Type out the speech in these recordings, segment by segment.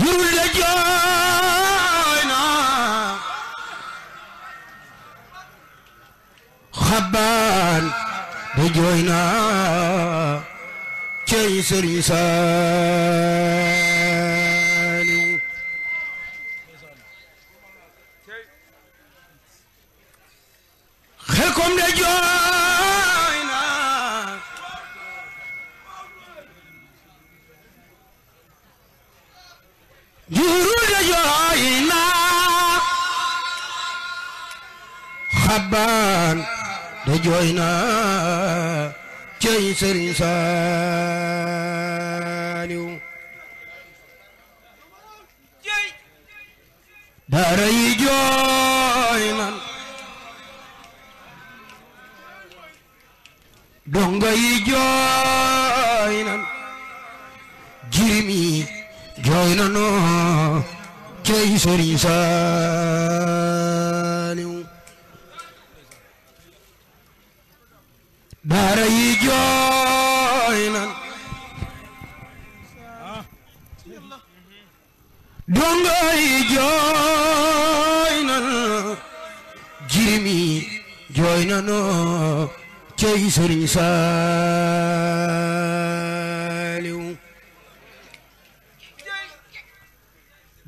jurul de jooy na xabaan de jooy na jooy naa xabaan de jooy naa cey sëriñ Saaliw daara yi jooy nan donga yi jooy nan jimi jooy nanu cey sëriñ saaliw daara yi jooy nan donga yi jooy nan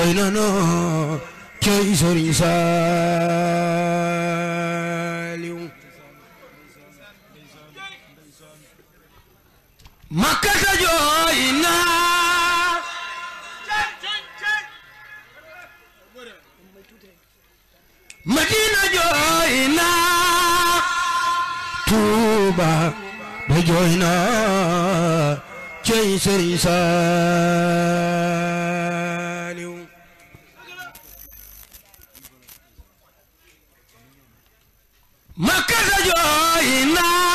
doy na noo madina jooy tuuba ba jooy na cey makka sa jooy na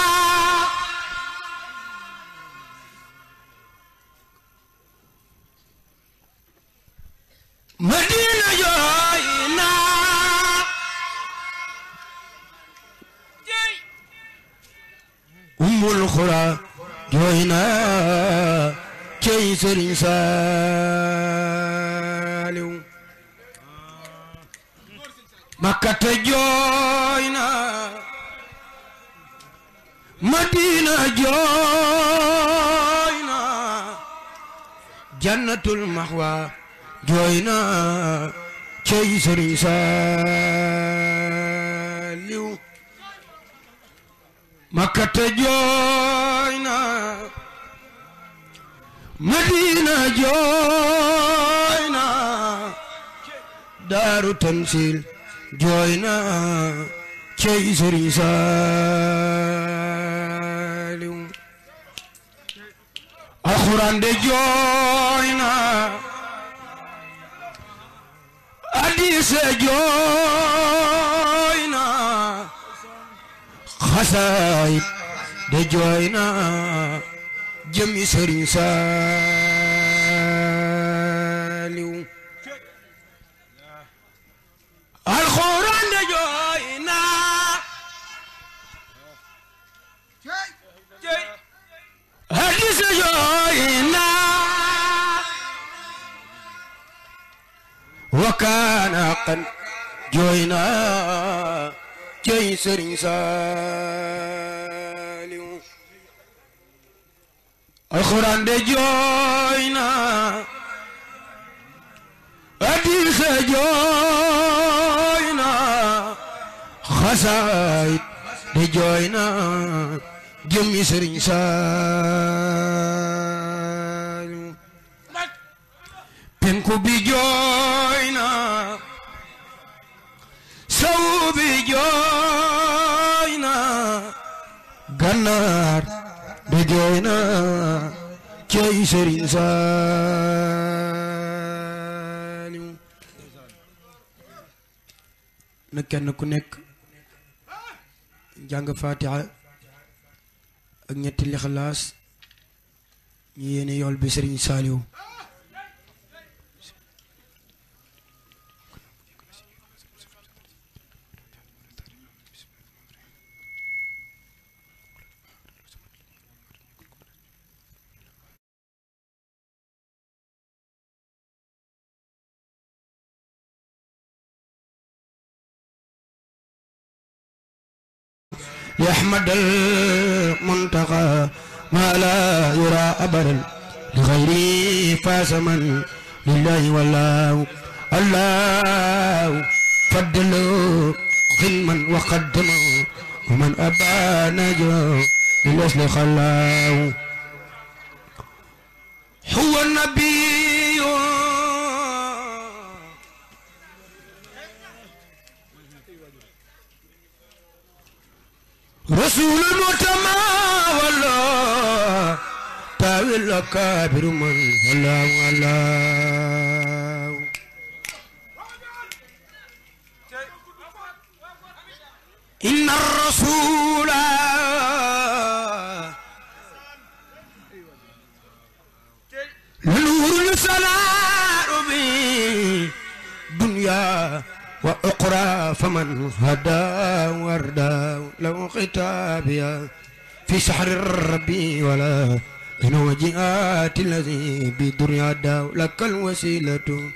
naxwa jooy na cey Sëriñ Saaliw makkate jooy na madina jooy na daaru tansil jooy na cey Sëriñ Saaliw alxuraan de jooy na hadiise jooy de jooy na jëmi jooy naa wakkaana xan jooy naa jooy sëriñ Saaliw alxuraan de jooy naa hadiisa jooy naa xasaayid de jooy naa jëmmi sëriñ Saaliw penku bi jooy na sowu bi jooy na gannaar bi jooy na cey Sëriñ Saaliw na kenn ku nekk jàng Faatiha ak ñetti Lixlaas ñu yéene yool bi Sëriñ Saaliw أحمد المنتقى ما لا يرى أبدا لغيري فاز من لله والله الله فضل ظلما وقدمه ومن أبى نجا للأصل خلاه هو النبي رسول متماول تاويل كابر من هلا ولا إن الرسول لنور السلام بي دنيا وأقرى فمن هدى وردى لو خطابيا في سحر الربي ولا إن وجهات الذي بدر عدا لك الوسيلة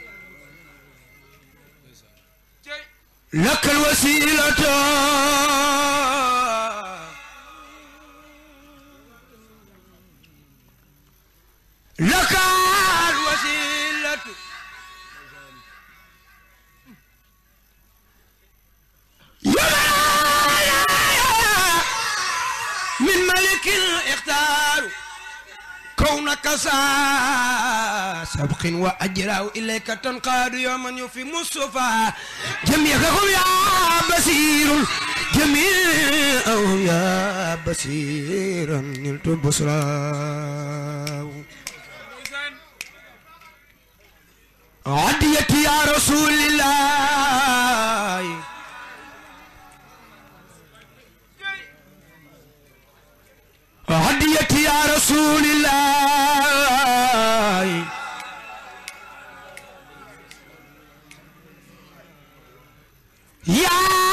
لك الوسيلة كسا سبق وأجراه إليك تنقاد يوما يفي مصطفى جميعهم يا بصير جميعهم يا بصير نلت بصراه عديتي يا رسول الله hadiyati ya rasulillahi ya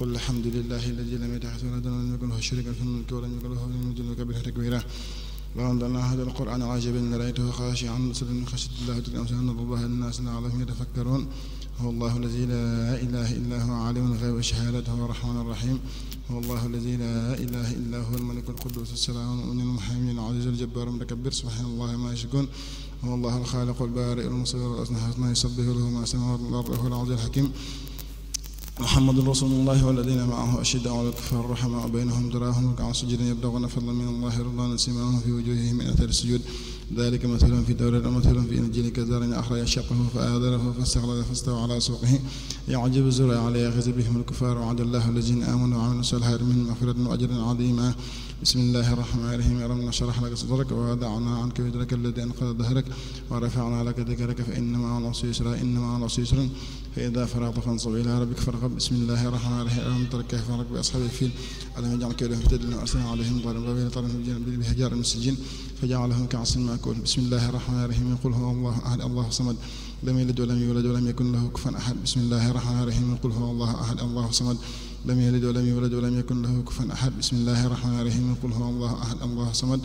قل الحمد لله الذي لم يتخذ ولدا ولم يكن له شريكا في الملك ولم يكن له من دونك به تكبيرا لو أنزلنا هذا القرآن عاجبا لرأيته خاشعا مبصرا من خشية الله وتلك أمثال نضرب الله للناس لعلهم يتفكرون هو الله الذي لا إله إلا هو عالم الغيب والشهادة هو الرحمن الرحيم هو الله الذي لا إله إلا هو الملك القدوس السلام المؤمن المحامي العزيز الجبار المتكبر سبحان الله ما يشركون هو الله الخالق البارئ المصور الأسنى حسنا يسبح له ما سمع والأرض هو العزيز الحكيم محمد رسول الله والذين معه أشداء على الكفار رحماء بينهم تراهم ركعا سجدا يبتغون فضلا من الله رضوانا سماهم في وجوههم من أثر السجود ذلك مثلهم في التوراة ومثلهم في الإنجيل كزرع أخرج شقه فآذره فاستغلظ فاستوى على سوقه يعجب الزرع عليه يغيظ بهم الكفار وعد الله الذين آمنوا وعملوا الصالحات منهم مغفرة وأجرا عظيما bismillahi rahmaani rahiim alam nashrah laka sadrak wa wada'na anka wizrak alladhi anqadha dhahrak wa rafa'na laka dhikraka fa inna ma'a al-usri yusra inna ma'a al-usri yusra fa idha faragta fansab ila rabbika farghab bismillahi rahmaani rahiim alam tara kayfa farak bi ashabil fil alam yaj'al kaydahum fi tadlil wa arsalna alayhim tayran tarmihim bi hijaratin min sijjin faja'alahum ka'asfin ma'kul bismillahi rahmaani rahiim qul huwa allahu ahad allahu samad lam yalid wa lam yulad wa lam yakun lahu kufuwan ahad bismillahi rahmaani rahiim qul huwa allahu ahad allahu samad lam yalid wa lam yulad wa lam yakun lahu kufuwan ahad bismillahir rahmanir rahim qul huwa allahu ahad allahu samad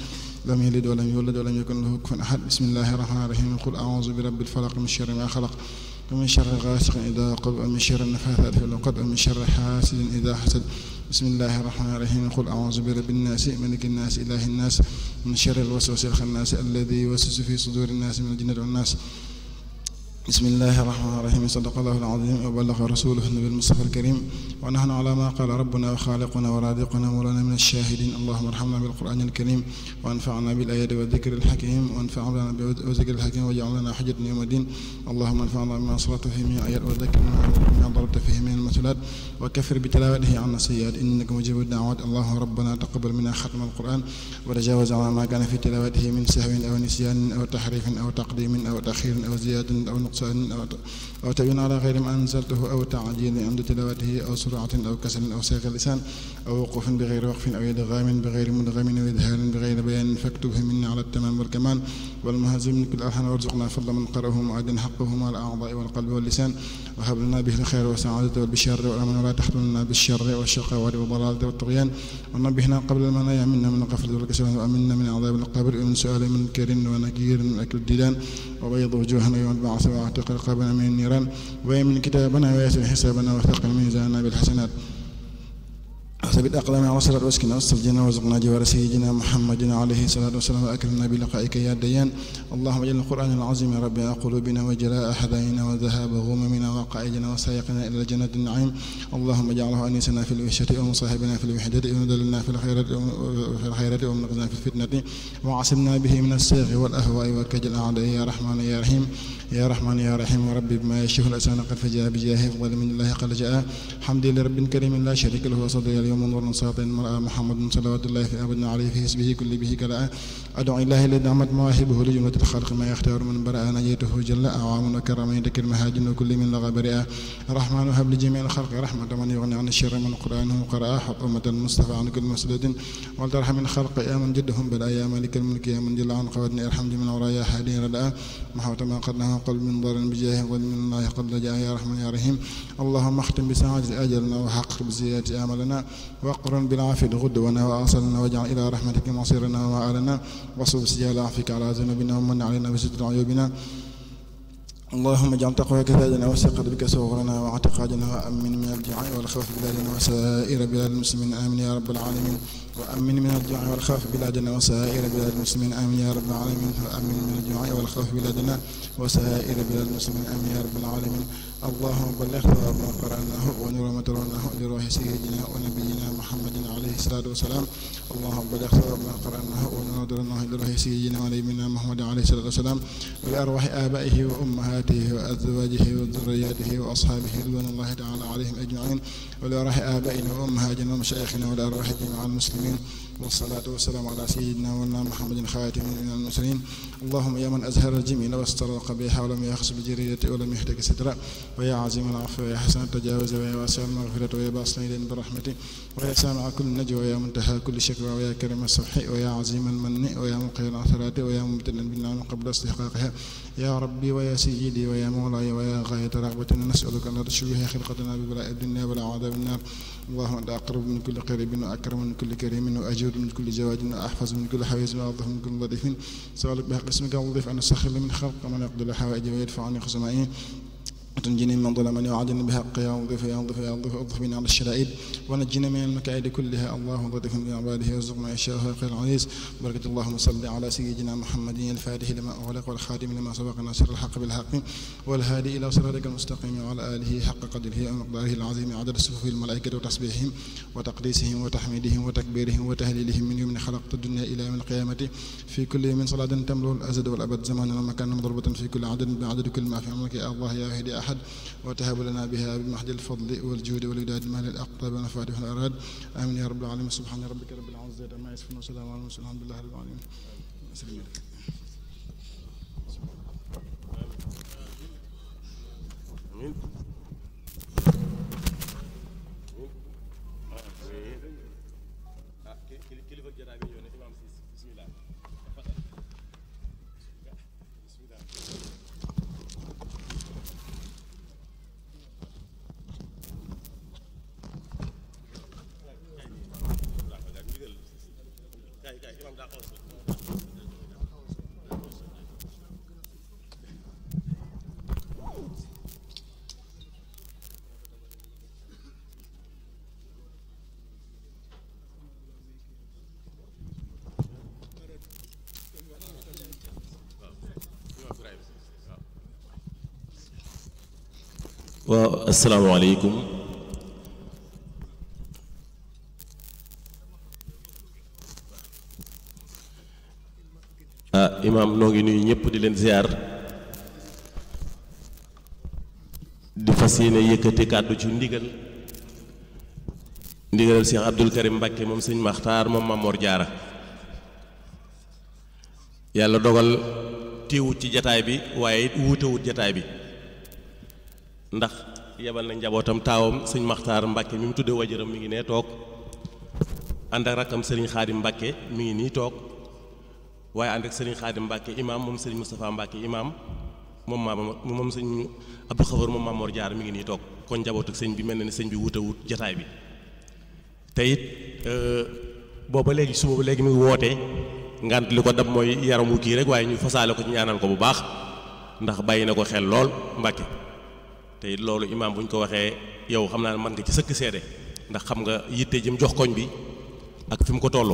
lam yalid wa lam yulad wa lam yakun lahu kufuwan ahad bismillahir rahmanir rahim qul a'udhu bi rabbil falaq min sharri ma khalaq wa min sharri ghasiqin idha qab wa min sharri nafathati fil 'uqad wa min sharri hasidin idha hasad bismillahir rahmanir rahim qul a'udhu bi rabbin nas malikin nas ilahin nas min sharri al-waswasil khannas alladhi yuwaswisu fi sudurin nas min al-jinnati wan nas bismillahi rahmaani rahiim sadaqallahu al-aziim wa ballaqa rasuluhu nabil mustafa al-karim wa nahnu ala ma qala rabbuna wa xaaliquna wa raadiquna mawlana min ash-shahidin allahumma arhamna bil qur'an al-karim wa anfa'na bil ayati wa dhikri al-hakim wa anfa'na bi dhikri al-hakim waj'al lana hujjatan yawma din allahumma anfa'na bima asrarta fihi min ayat wa dhakkirna bima darabta fihi min al-masulat wa kaffir bi tilawatihi 'anna sayyi'at innaka mujibu ad-da'awat allahumma rabbana taqabbal minna khatma al-qur'an wa tajawaz 'amma ma kana fi tilawatihi min sahwin aw nisyanin aw tahrifin aw taqdimin aw ta'khirin aw ziyadatin aw نقصان أو أو تبين على غير ما أنزلته أو تعجيل عند تلاوته أو سرعة أو كسل أو صيغ اللسان أو وقوف بغير وقف أو إدغام بغير مدغم أو إذهال بغير بيان فاكتبه منا على التمام والكمال والمهزم من كل الألحان وارزقنا فضل من قرأه معدا حقه مع الأعضاء والقلب واللسان وهب لنا به الخير والسعادة والبشر والأمن ولا تحرمنا بالشر والشقاوة والضلالة والطغيان ونبهنا قبل المنايا منا من الغفلة والكسل وأمنا من عذاب القبر ومن سؤال من كر ونكير من أكل الديدان وبيض وجوهنا يوم البعث واعتق رقابنا من النيران ويمن كتابنا ويسر حسابنا وثقل ميزاننا بالحسنات ثبت أقلامنا على صراط واسكنا واستفجنا وارزقنا جوار سيدنا محمد عليه الصلاة والسلام وأكرمنا بلقائك يا ديان اللهم اجعل القرآن العظيم ربيع قلوبنا وجلاء أحزاننا وذهاب غممنا وقائدنا وسائقنا إلى الجنة النعيم اللهم اجعله أنيسنا في الوحشة ومصاحبنا في الوحدة ومدللنا في الخيرات في الخيرات ومنقذنا في الفتنة وعصمنا به من السيغ والأهواء والكجل أعداء يا رحمن يا رحيم يا رحمن يا رحيم وربي بما يشفه الأسان قد فجاء بجاه أفضل من الله قد جاء حمدي لرب كريم لا شريك له وصدر man warna saatin mara muhammadun salawatullahi fi abadna alayhi fi hisbihi kulli bihi kala adu ilahi la namat mawahibuhu li jumlatil xalq ma yaxtaaru man bara najaytuhu jalla awaamun wa karama dakir mahajin wa kulli min laga baria rahmanu hab li jami al xalqi rahmata man yugni an sharri man qur'anuhu qaraa hab ummatan mustafa an kulli masdadin wal tarham min xalqi ya man jaddahum bala ya malikal mulki ya man jalla an qawadni arham min awra ya hadi rada mahawta ma qadnaha qal min darin bijahi wal min allahi qad lajaa ya rahman ya rahim allahumma axtim bi saadati ajalna wa xaqir bi ziyadati amalana waqron bilafid xudwana wa ansalna wajal ila rahmatika masirana wa maalana wasub sijala afika ala zunubina wa man aleyna bi sitri ayubina اللهم اجعل تقواك زادنا وثق بك صغرنا واعتقادنا وامن من الجوع والخوف بلادنا وسائر بلاد المسلمين امين يا رب العالمين wa amin min al-juu'i wal xawfi bilaadana wa saa'ira bilaadil muslimiin amin ya rabbal aalamiin wa amin min al-juu'i wal xawfi bilaadana wa saa'ira bilaadil muslimiin amin ya rabbal aalamiin allahumma balligh ma qara'naahu wa nur ma tarawnahu li ruuhi sayyidina wa nabiyyina muhammadin alayhi salaatu wa salaam allahumma balligh ma qara'naahu wa nur ma tarawnahu li ruuhi sayyidina wa nabiyyina muhammadin alayhi salaatu wa salaam wa li arwaahi aabaa'ihi wa ummahaatihi wa azwaajihi wa dhurriyyaatihi wa ashaabihi ridwaanullaahi ta'aalaa alayhim ajma'iin wa li arwaahi aabaa'ihi wa ummahaatina wa mashaayikhina wa li arwaahi jamii'il muslimiin العالمين والصلاة والسلام على سيدنا مولانا محمد خاتم من المرسلين اللهم يا من أزهر الجميل واستر القبيح ولم يخص بجريرة ولم يهتك سترا ويا عزيم العفو يا حسن التجاوز ويا واسع المغفرة ويا باصل الدين برحمته ويا سامع كل نجوى ويا منتهى كل شكوى ويا كريم الصفح ويا عزيم المن ويا مقيل العثرات ويا مبتلا بالنعم قبل استحقاقها يا ربي ويا سيدي ويا مولاي ويا غاية رغبتنا نسألك أن تشبه خلقتنا ببلاء الدنيا ولا عذاب النار allahuma anta aqrabu min kulli qaribin wa akramu min kulli karimin wa ajwadu min kulli jawadin wa ahfazu min kulli hawisin wa adhafu min kulli ladifin sawalak bi haqq ismika wadif an sakhir min khalq man yaqdilu hawaijahu yadfa'ani khusmain وتنجني من ظلم من يعادني بحق يا مضيف يا مضيف يا مضيف اضف بنا على الشدائد ونجني من المكائد كلها اللهم ضدف من عباده وارزقنا الشرف خير العزيز بركة اللهم صل على سيدنا محمد الفاتح لما أغلق والخاتم لما سبق ناصر الحق بالحق والهادي إلى صراطك المستقيم وعلى آله حق قدره ومقداره العظيم عدد صفوف الملائكة وتسبيحهم وتقديسهم وتحميدهم وتكبيرهم وتهليلهم من يوم خلقت الدنيا إلى يوم القيامة في كل يوم صلاة تملأ الأزد والأبد زمانا ومكانا مضربة في كل عدد بعدد كل ما في عمرك يا الله يا هدي ahad وتهب لنا بها بمحض الفضل والجود والوداد مال الأقطاب والمفاتيح والأراد آمين يا رب العالمين سبحان ربك رب العزة عما يصفون وسلام على المرسلين الحمد لله رب العالمين آمين waaw asalaamaaleykum ah imaam noo ngi nuyu ñëpp di leen ziar di fas yéene yëkkati kàddu ci ndigal ndigalal Cheikh Abdul Karim Mbàkke moom sëñ Maxtaar moom Mamor Jaara yàlla dogal téewut ci jataay bi waaye it jataay bi ndax yebal na njabootam taawam sëñ maxtaar Mbàkke mi mu tuddee wajuram mu ngi nee toog ànd ak rakkam sëriñ xaadim Mbàkke mi ngi nii toog waaye ànd ak sëriñ xaadim Mbàkke imaam moom sëriñ Moustapha Mbàkke imaam moom maam moom sëñ Abdou Xafar moom Maamoor Jaar mi ngi nii toog kon njaboot sëñ bi mel na ni sëñ bi wuute wut jataay bi te it euh, booba léegi suba ba léegi mi ngi woote ngant li ko dab mooy yaram wu kii rek waaye ñu fasaale ko ci ñaanal ko bu baax ndax bàyyi na ko xel lool Mbàkke te it loolu imaam bu ñu ko waxee yow xam naa ne mën nga ci sëkk seede ndax xam nga yitte ji jox koñ bi ak fi mu ko toll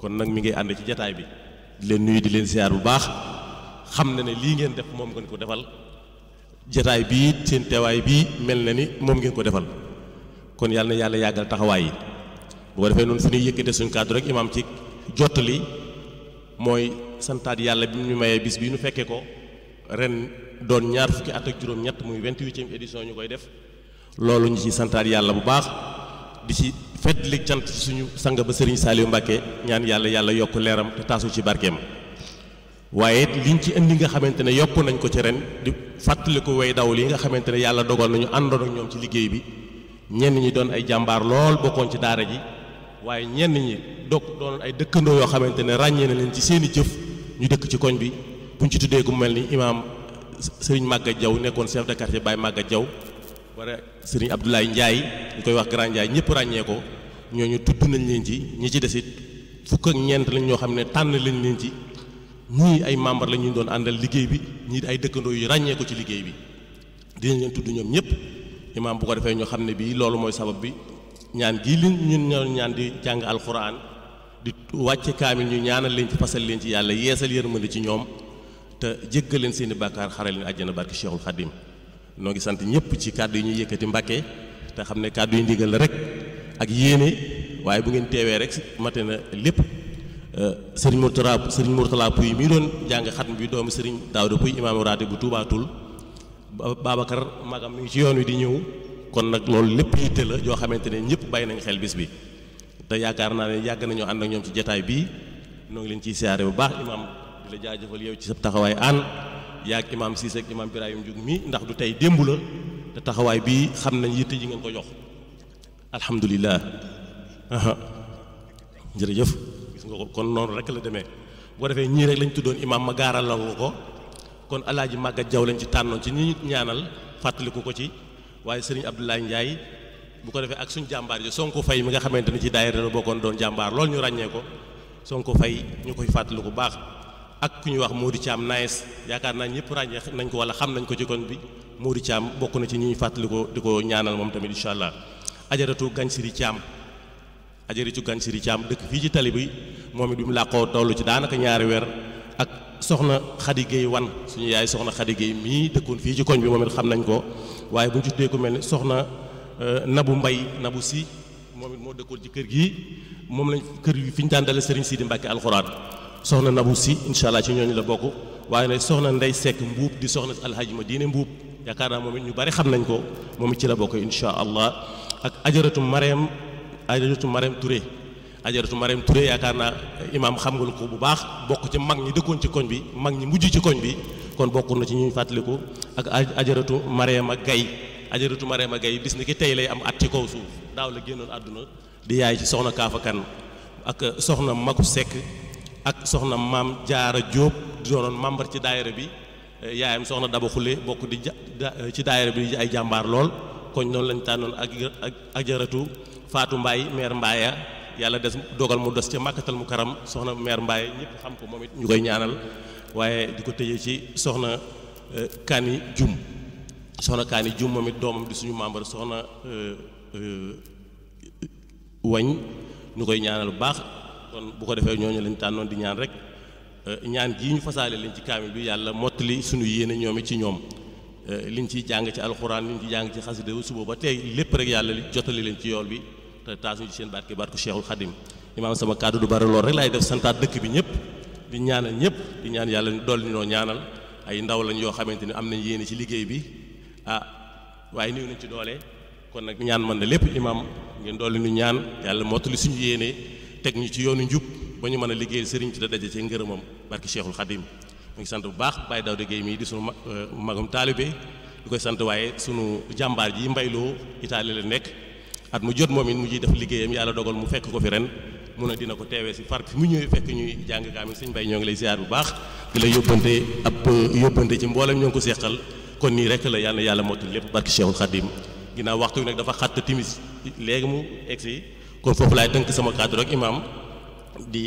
kon nag mi ngi ànd ci jataay bi di leen nuyu di leen siyaar bu baax xam na ne lii ngeen def moom ngeen ko defal jataay bii seen teewaay bii mel na ni moom ngeen ko defal kon yàlla na yàlla yàggal taxawaay yi bu ko defee noonu fu ñuy yëkkate suñ kàddu rek imaam ci li mooy santaat yàlla bi ñu mayee bis bi nu fekkee ko ren doon ñaar fukki at ak juróom-ñett muy vingt-huitième édition ñu koy def loolu ñu ci santaat yàlla bu baax di ci feddli cant ci suñu sang ba sëriñ Saliou Mbacké ñaan yàlla yàlla yokk leeram te taasu ci barkeem waaye liñ ci indi nga xamante ne yokk nañ ko ci ren di fàttaliku way daw li nga xamante ne yàlla dogal nañu àndoonak ak ñoom ci liggéey bi ñenn ñi doon ay jàmbaar lool bokkoon ci daara ji waaye ñenn ñi dokk doon ay dëkkandoo yoo xamante ne ràññee na leen ci seeni jëf ñu sëriñ màggat jaw nekkoon chef de quartier Baye Maga Diaw wala sëriñ Abdoulaye Ndiaye ñu koy wax Grand Ndiaye ñëpp ràññee ko ñooñu tudd nañ leen ci ñi ci desit fukk ñeent lañ ñoo xam ne tànn lañ leen ci ñii ay membre la ñu doon àndal liggéey bi ñii ay dëkkandoo yu ràññee ko ci liggéey bi dinañ leen tudd ñoom ñëpp imaam bu ko defee ñoo xam ne bii loolu mooy sabab bi ñaan gii li ñun ñoo ñaan di jàng alxuraan di wàcce kaamil ñu ñaanal leen ci fasal leen ci yàlla yeesal yërmande ci ñoom te jéggal leen seen i bàkkaar xaral leen àjjana barke Cheikhul Khadim noo ngi sant ñëpp ci kàddu yi ñuy yëkkati Mbàkke te xam ne kàddu yi ndigal la rek ak yéene waaye bu ngeen teewee rek mate na lépp euh, sëriñ Mourtala sëriñ Mourtala Pouy mii doon jàng xatm bi doomu sëriñ Daawda Pouy imaamu raati bu tuubaatul Babacar magam mi ngi ci yoon wi di ñëw kon nag loolu lépp yitte la joo xamante ne ñëpp bàyyi nañ xel bis bi te yaakaar naa ne yàgg nañoo ànd ak ñoom ci jataay bii la jaajëfal yow ci sa taxawaay aan yaag imaam Cissé ak imaam Birahim Diouf mi ndax du tey démb la te taxawaay bi xam nañ yitte ji ngeen ko jox alhamdulilah jërëjëf gis nga ko kon noonu rek la demee boo defee ñii rek lañ tuddoon imaam ma gaaralal nga ko kon alaaji màgget jaw lañ ci tànnoon ci ñi ñaanal fàttaliku ko ci waaye sëriñ Abdoulaye Ndiaye bu ko defee ak suñ jàmbaar ji ko Faye mi nga xamante ni ci daayira la bokkoon doon ñu ràññee ko ak ku ñuy wax Modou Thiam Naes yaakaar naa ñëpp ràññee nañ ko wala xam nañ ko ci kon bi Modou Thiam bokk na ci ñi ñu fàttali ko di ko ñaanal moom tamit incha allah ajaratu Gansiri Thiam ajaratu Gansiri Thiam dëkk fii ci tali bi moom it bi mu làqoo toll ci daanaka ñaari weer ak soxna Khady Gueye wan suñu yaay soxna Khady Gueye mii dëkkoon fii ci koñ bi moom it xam nañ ko waaye bu ñu ko mel ni soxna euh, Nabu Mbay Nabu Si moom it moo dëkkoon ci kër gi moom lañ kër yi fi ñu daan Serigne Sidi Mbacke alxuraan. soxna Nabou Sy incha allah ci ñooñu la bokk waaye ne soxna Ndey Seck mbuub di soxna alhaji ma diine mbuub yaakaar naa moom it ñu bari xam nañ ko moom it ci la bokk incha allah ak ajaratu Marème ajaratu Marème Touré ajaratu Marème Touré yaakaar naa imaam xam nga ko bu baax bokk ci mag ñi dëkkoon ci koñ bi mag ñi mujj ci koñ bi kon bokk na ci ñuy fàttaliku ak ajaratu Marème Gaye ajaratu Marème Gaye bis ni ki tey lay am at ci kaw suuf daaw la génnoon àdduna di yaay ci soxna Kaafa ak soxna Maku Seck ak soxna maam jaara Jóob doonoon membre ci daayira bi yaayam soxna Daba Xule bokk di ja ci daayira bi ay jàmbaar lool koñ noonu lañ tànnoon ak ak ajaratu Faatu Mbaay maire Mbaaya yàlla des dogal mu des ca màkkatal mu karam soxna maire Mbaaya ñëpp xam ko moom it ñu koy ñaanal waaye di ko tëjee ci soxna e, kaani Jum soxna Kani Jum moom it doomam di suñu membre soxna e, e, wañ ñu koy ñaanal bu baax kon bu ko defee ñooñu lañ tànnoon di ñaan rek euh, ñaan gii ñu fasaale lañ ci kaamil bi yàlla mottali suñu yéene ñoom ci ñoom euh, liñ ci jàng ci alxuraan liñ ciy jàng ci xasida suba ba tey lépp rek yàlla jotali leen ci yool bi te taas ci seen barke barke Cheikhul Khadim imaam sama kàddu du bari lool rek laay def santaat dëkk bi ñëpp di ñaanal ñëpp di ñaan yàlla dool ñu noo ñaanal ay ndaw lañ yoo xamante ni am nañ yéene ci liggéey bi ah waaye néew nañ ci doole kon na lépp imaam ngeen dool ñu ñaan yàlla mottali teg ñu ci yoonu njub ba ñu mën a liggéeyal sëriñ bi da daje ci ngërëmam barki Cheikhul Khadim mu ngi sant bu baax Baye Daouda euh, sant waaye sunu jàmbaar ji mbayloo Italie la nekk at mu jot moom it mu ciy def liggéeyam yàlla dogal mu fekk ko fi ren mu ne dina ko teewee si far fi mu ñëwee fekk ñuy jàng kaamil sëñ Baye ñoo ngi lay ziar bu baax di la yóbbante ab euh, yóbbante ci mboolem ñoo ko seqal kon nii rek la yàlla yàlla motul lépp barki Cheikhul Khadim ginnaaw waxtu bi dafa xatt timis léegi mu egsi kon foofu laay tënk sama kàddu rek imaam di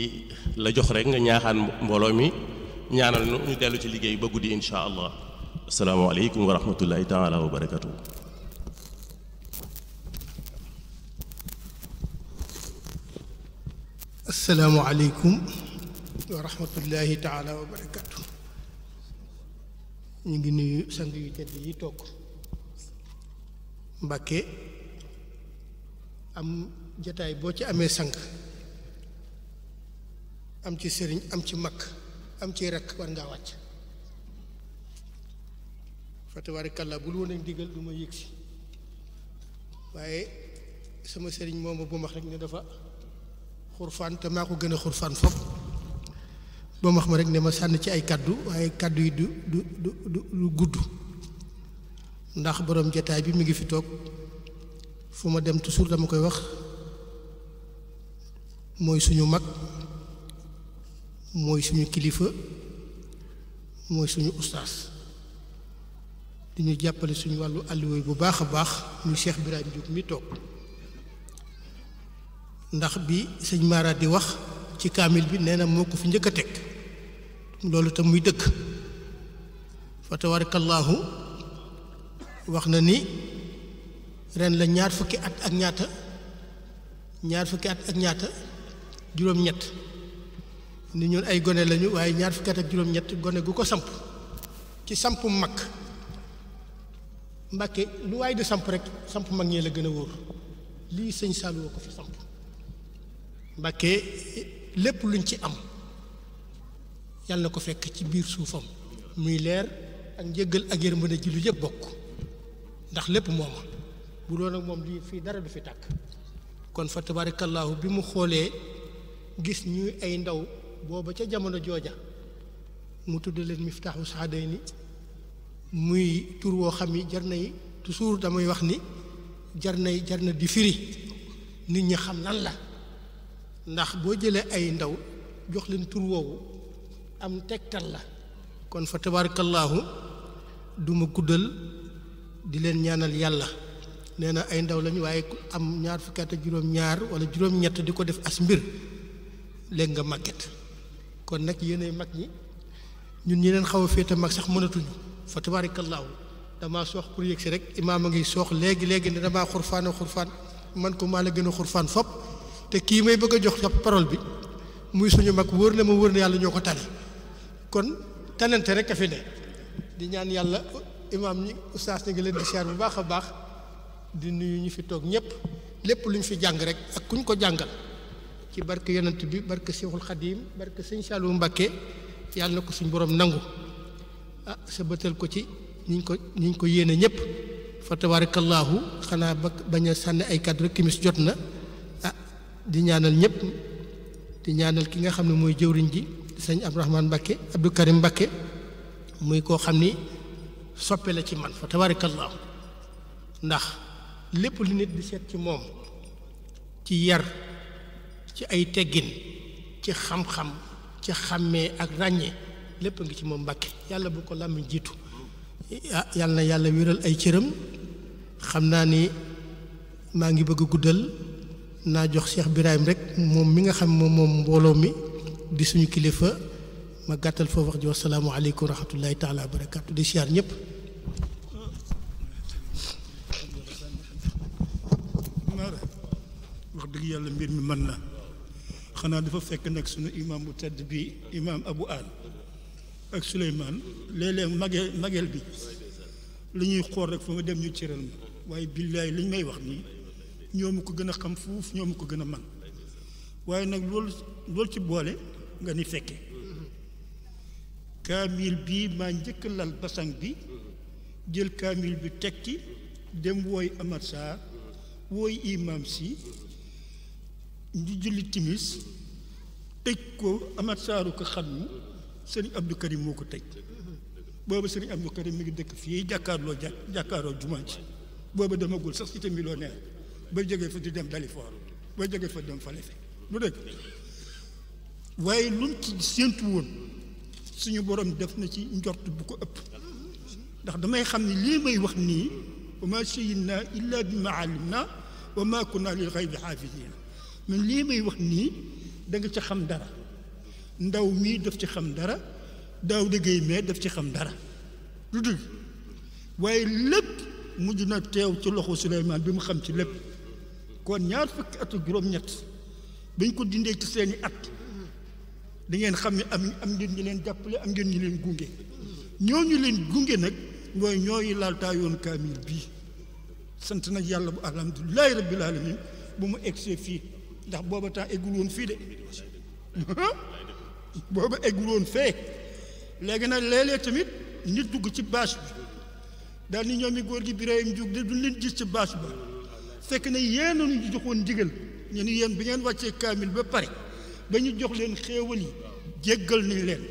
la jox rek nga ñaaxaan mbooloo mi ñaanal nu ñu dellu ci liggéey ba guddi insha allah asalaamaaleykum wa rahmatullahi taala wa ñu ngi nuyu sang yu tedd yi toog Mbàkke am jataay boo ci amee sang am ci sëriñ am ci mag am ci rakk war ngaa wàcc fatabaarikàllaa bul woon ak ndigal du ma yëg si waaye sama sëriñ moom bu max rek ne dafa xurfaan te maa ko gën a xurfaan fopp ba max ma rek ne ma sànn ci ay kàddu waaye kàddu yi du du du du gudd ndax boroom jataay bi mu ngi fi toog fu ma dem toujours dama koy wax mooy suñu mag mooy suñu kilifa mooy suñu ustaas di jàppale suñu wàllu àlliwooy bu baax a baax ñu Cheikh Birahim Diouf mi toog ndax bi sëñ Mara di wax ci kaamil bi nee na moo ko fi njëkk a teg loolu tam muy dëkk fa tabarakallaahu wax na ni ren la ñaar fukki at ak ñaata ñaar fukki at ak ñaata juróom-ñett ni ñun ay gone lañu waaye ñaar fukki at ak juróom-ñett gone gu ko samp ci sampum mag mbàkke lu waay di samp rek samp mag ñee la gën a wóor sëñ Saliou ko fi lépp luñ ci am yàlla na ko fekk ci biir suufam muy leer ak njëggal ak yërmande ji lu yëpp bokk ndax lépp mooma bu doon ak moom lii fii dara du fi tàkk kon fa tabaarakallaahu bi mu xoolee gis ñuy ay ndaw booba ca jamono jooja mu tudd leen miftaaxu saadayni muy tur woo xam ni jar nay toujours damay wax ni jar nay jar na di firi nit ñi xam lan la ndax boo jëlee ay ndaw jox leen tur woowu am tegtal la kon fa tabaarakallaahu du ma guddal di leen ñaanal yàlla nee na ay ndaw lañu waaye am ñaar fukki at juróom-ñaar wala juróom-ñett di ko def as mbir léegi nga màgget kon nag yéenay mag ñi ñun ñi leen xaw a féete mag sax mënatuñu fa tabaarakallaahu damaa soox pour yëg si rek imaam a ngi soox léegi léegi ne damaa xurfaan xurfaan man ko maa la gën a xurfaan fop te kii may bëgg a jox sa parole bi muy suñu mag wóor na ma wóor na yàlla ñoo ko tane kon tanante rek a fi ne di ñaan yàlla imaam ñi ustaas ñi ngi leen di siyaar bu baax a baax di nuyu ñu fi toog ñëpp lépp lu ñu fi jàng rek ak kuñ ko jàngal. ci barke yonent bi barke Seexul Xadiim barke sëñ Saliou Mbàkke yàlla na ko suñ borom nangu ah sa bëtal ko ci niñ ko niñ ko yéene ñëpp fa tabaarakallaahu xanaa ba bañ a sànni ay kàddu kimis jot na ah di ñaanal ñëpp di ñaanal ki nga xam ne mooy jëwriñ ji sëñ Abdourahmane Mbàkke Abdou Karim Mbàkke muy koo xam ni soppe la ci man fa tabaarakallaahu ndax lépp lu nit di seet ci moom ci yar ci ay teggin ci xam-xam ci xàmmee ak ràññee lépp ngi ci moom mbàkke yàlla bu ko làmmiñ jiitu yàlla na yàlla wéral ay cëram xam naa ni maa ngi bëgg guddal naa jox Cheikh Birahim rek moom mi nga xam moom moom mbooloo mi di suñu kilifa ma gàttal foofu ji wassalaamu aleykum wa rahmatullahi taala wa barakaatu di siyaar ñëpp yàlla mbir mi mën na xanaa dafa fekk nag sunu imam bu tedd bi imam Abu Al ak Souleymane léeg-léeg mageel bi lu ñuy xool rek fa ma dem ñu cëral ma waaye billaay li ñu may wax nii ñoo ko gën a xam fuuf ñoo ko gën a man waaye nag loolu ci boole nga ni fekke kaamil bii ma njëkk lal basang bi jël kaamil bi tekki dem wooy Amar Sarr wooy imam si ñu julli timis tëj ko amat saaru ko xam mu sëriñ Abdou Karim moo ko tëj booba sëriñ Abdou Karim mi ngi dëkk fii jàkkaarloo jà jàkkaarloo jumaa ji booba demagul sax cité millionnaire ba jógee fa di dem Dalifort ba jógee fa dem Falefe lu dëgg waaye lu mu ci woon suñu borom def na ci njort bu ko ëpp ndax damay xam ne lii may wax nii wa ma shayinna illa bi ma alimna wa ma kunna lil ghaybi xaafisina mais lii may wax nii da nga ci xam dara ndaw mii def ci xam dara daaw liggéey mais daf ci xam dara lu dëgg waaye lépp mujj na teew ci loxo Souleymane bi mu xam ci lépp kon ñaar fukki at juróom-ñett bañ ko dindee ci seeni at da ngeen xam ne am am ngeen ñi leen jàppale am ngeen ñi leen gunge ñooñu leen gunge nag mooy ñooy laaltaa yoon kaamil bii sant na yàlla bu alhamdulilahi rabbil alamin bu mu egsee fii ndax booba temps eggul woon fii de booba eggul woon fee léegi nag léeg tamit nit dugg ci bâche bi daal ni ñoom góor gi Birahim Diouf de duñ leen gis ci bâche ba fekk na yéen ñu joxoon ndigal ñu ni yéen bi ngeen wàccee kaamil ba pare ba ñu jox leen xéewal yi jéggal nañ leen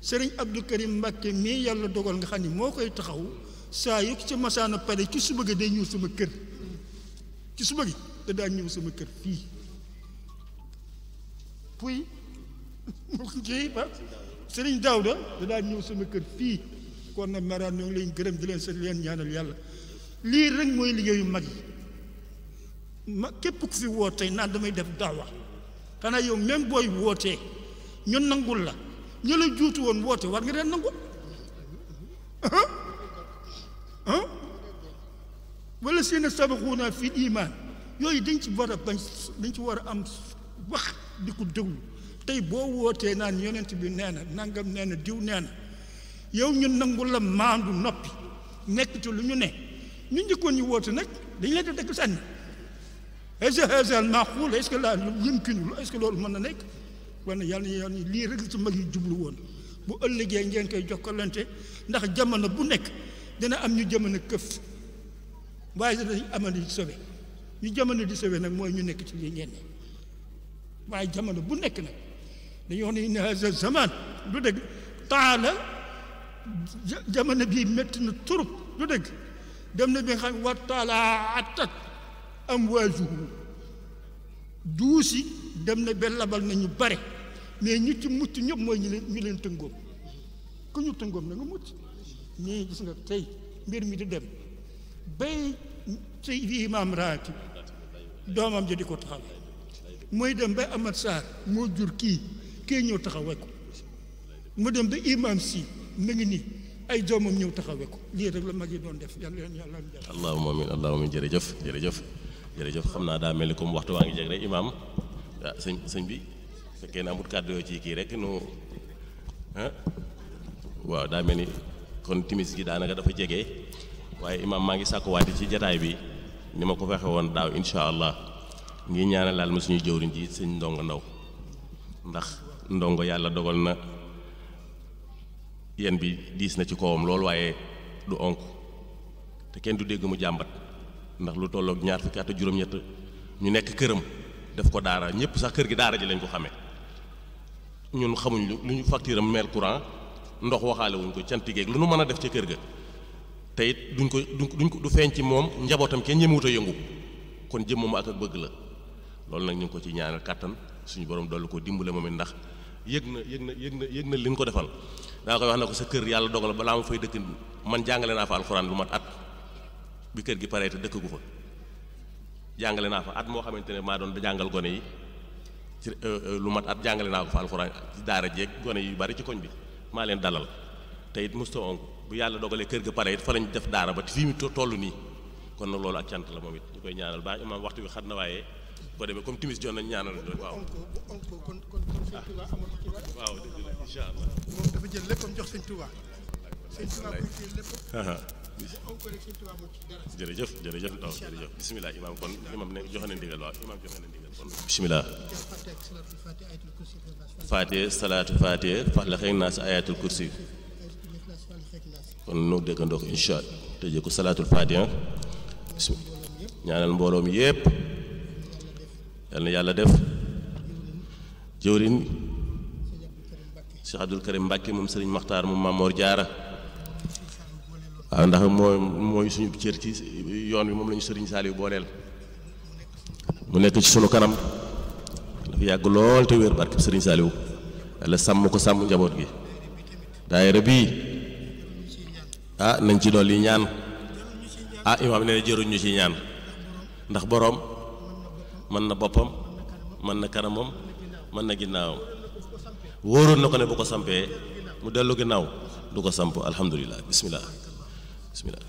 sëriñ Abdou Karim Mbàkke mii yàlla dogal nga xam ni moo koy taxaw saa yu ci masaana pare ci suba gi day ñëw sama kër ci suba gi te daa ñëw sama kër puy kii ba Serigne Daouda da daa ñëw sama kër fii kon na maraan ñoo ngi leen di leen seet leen ñaanal yàlla lii rek mooy liggéeyu mag yi ma képp ku fi wootee naan damay def daawa xanaa yow même booy wootee ñu nangul la ñu la juutu woon woote war nga deen nangul ah wala seen sabaxuuna fi iman yooyu dañ ci war a bañ dañ ci war a am wax di ko déglu tey boo wootee naan yonent bi nee na nangam nee na diw nee na yow ñu nangu la maandu noppi nekk ci lu ñu ne ñu njëkkoon ñu woote nag dañ leen di dëkk sànni hsl maaxuul est-ce que la yumkinu est-ce que loolu mën na nekk wan yàlla na yàlla lii rek ci mag yi jublu woon bu ëllëgee ngeen kay jokkalante ndax jamono bu nekk dina am ñu jamono këf waaye dinañ amal yi sobe li jamono di sawee nag mooy ñu nekk ci lii ngeen ne waaye jamono bu nekk nag dañuy wax ne inna haza zaman du dëgg taala jamono bii metti na turub du dégg dem na bi nga xam wa taala attat am waajuhu duusi dem na ba labal na ñu bare mais ñu ci mucc ñëpp mooy ñu leen ñu leen tëngoom ku ñu tëngoom na nga mucc mais gis nga tey mbir mi di dem bay tey lii imaam raati doomam ji di ko taxaw mooy dem ba Amat Sarr moo jur kii kii ñëw taxawee ko mu dem ba imam si mu ngi nii ay doomam ñëw taxawee ko lii rek la mag yi doon def yàlla yàlla allahumma amin allahumma jërëjëf jërëjëf jërëjëf xam naa daa mel ni comme waxtu waa ngi jeg rek imaam ah sëñ sëñ bi fekkee na amut kàddu ci kii rek nu ah waaw daa mel ni kon timis gi daanaka dafa jege waaye imaam maa ngi sàkk sàkkuwaati ci jataay bi ni ma ko fexe woon daaw incha allah ngi laal ma suñu jëwriñ ji sëñ ndongo ndaw ndax ndongo yàlla dogal na yéen bi diis na ci kawam loolu waaye du onk te kenn du dégg mu jàmbat ndax lu tolloog ñaar fukki at juróom-ñett ñu nekk këram def ko daara ñëpp sax kër gi daara ji lañ ko xame ñun xamuñ lu ñu facture am mel courant ndox waxaale wuñ ko cantigeeg lu nu mën a def ci kër ga tey it duñ ko duñ ko du feeñ ci moom njabootam kenn ñemewut a yëngu kon jëm moom ak ak bëgg la loolu nag ñu ko ci ñaanal kàttan suñu borom dolli ko dimbale moom it ndax yëg na yëg na yëg na yëg na li ñu ko defal daa koy wax na ko sa kër yàlla dogal balaa ma fay dëkk man jàngale naa fa alxuraan lu mat at bi kër gi paree te dëkk gu fa jàngale naa fa at moo xamante ne maa doon jàngal gone yi ci euh, euh, lu mat at jàngale naa ko fa alxuraan ci daara jeeg yu bari ci koñ bi maa leen dalal tey it musta ong bu yàlla dogalee kër ga pare it fa lañ def daara ba fii mu toll nii kon nag loolu ak cant la moom it ñu koy ñaanal baa imaam waxtu bi xat na waaye boo demee comme timis joon nañ ñaanal waaw ah, waaw dëgg la incha allah moom dafa jël léppam jox sëñ Tuubaa sëñ uh-huh. bu jël léppam jërëjëf na ndigal waaw imaam joxe na ndigal kon bisimilah faatee salaatu faatee faxlaxeeg naa si ayatul kursi kon noo déggandoo ko incha allah ko salaatul fatiha bismillah ñaanal mbooloo mi yépp yal yàlla def jëwrin Cheikh Abdul Karim Mbàkke moom sëriñ maxtar moom Mamoor Jaara waaw ndax mooy mooy suñu cër ci yoon wi moom lañu sëriñ Saaliw booleel mu nekk ci sunu kanam dafa yàgg lool te wér barke sëriñ Saaliw yàlla sàmm ko sàmm njaboot gi daayira bii ah nañ ci dolli ñaan ah imaam nee jëruñ ñu ci ñaan ndax boroom mën na boppam mën na kanamam mën na ginnaawam wóoroon na ko ne bu ko sampee mu dellu ginnaaw du ko samp alhamdulilah bismillah bismillah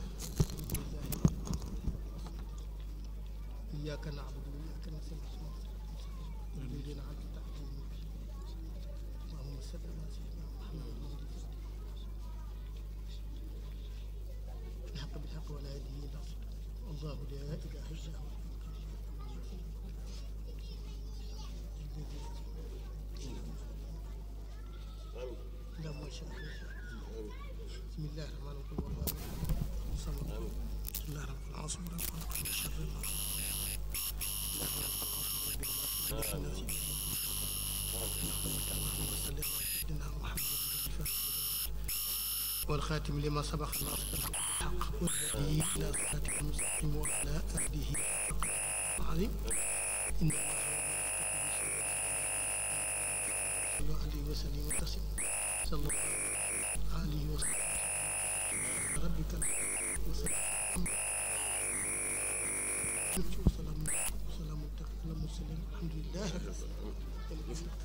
لما سبقنا حق إلى صراط المستقيم وعلى آله عليم إن الله عليه وسلم وتسلم صلى الله عليه وسلم ربك وسلم وسلام وسلام الحمد لله رب العالمين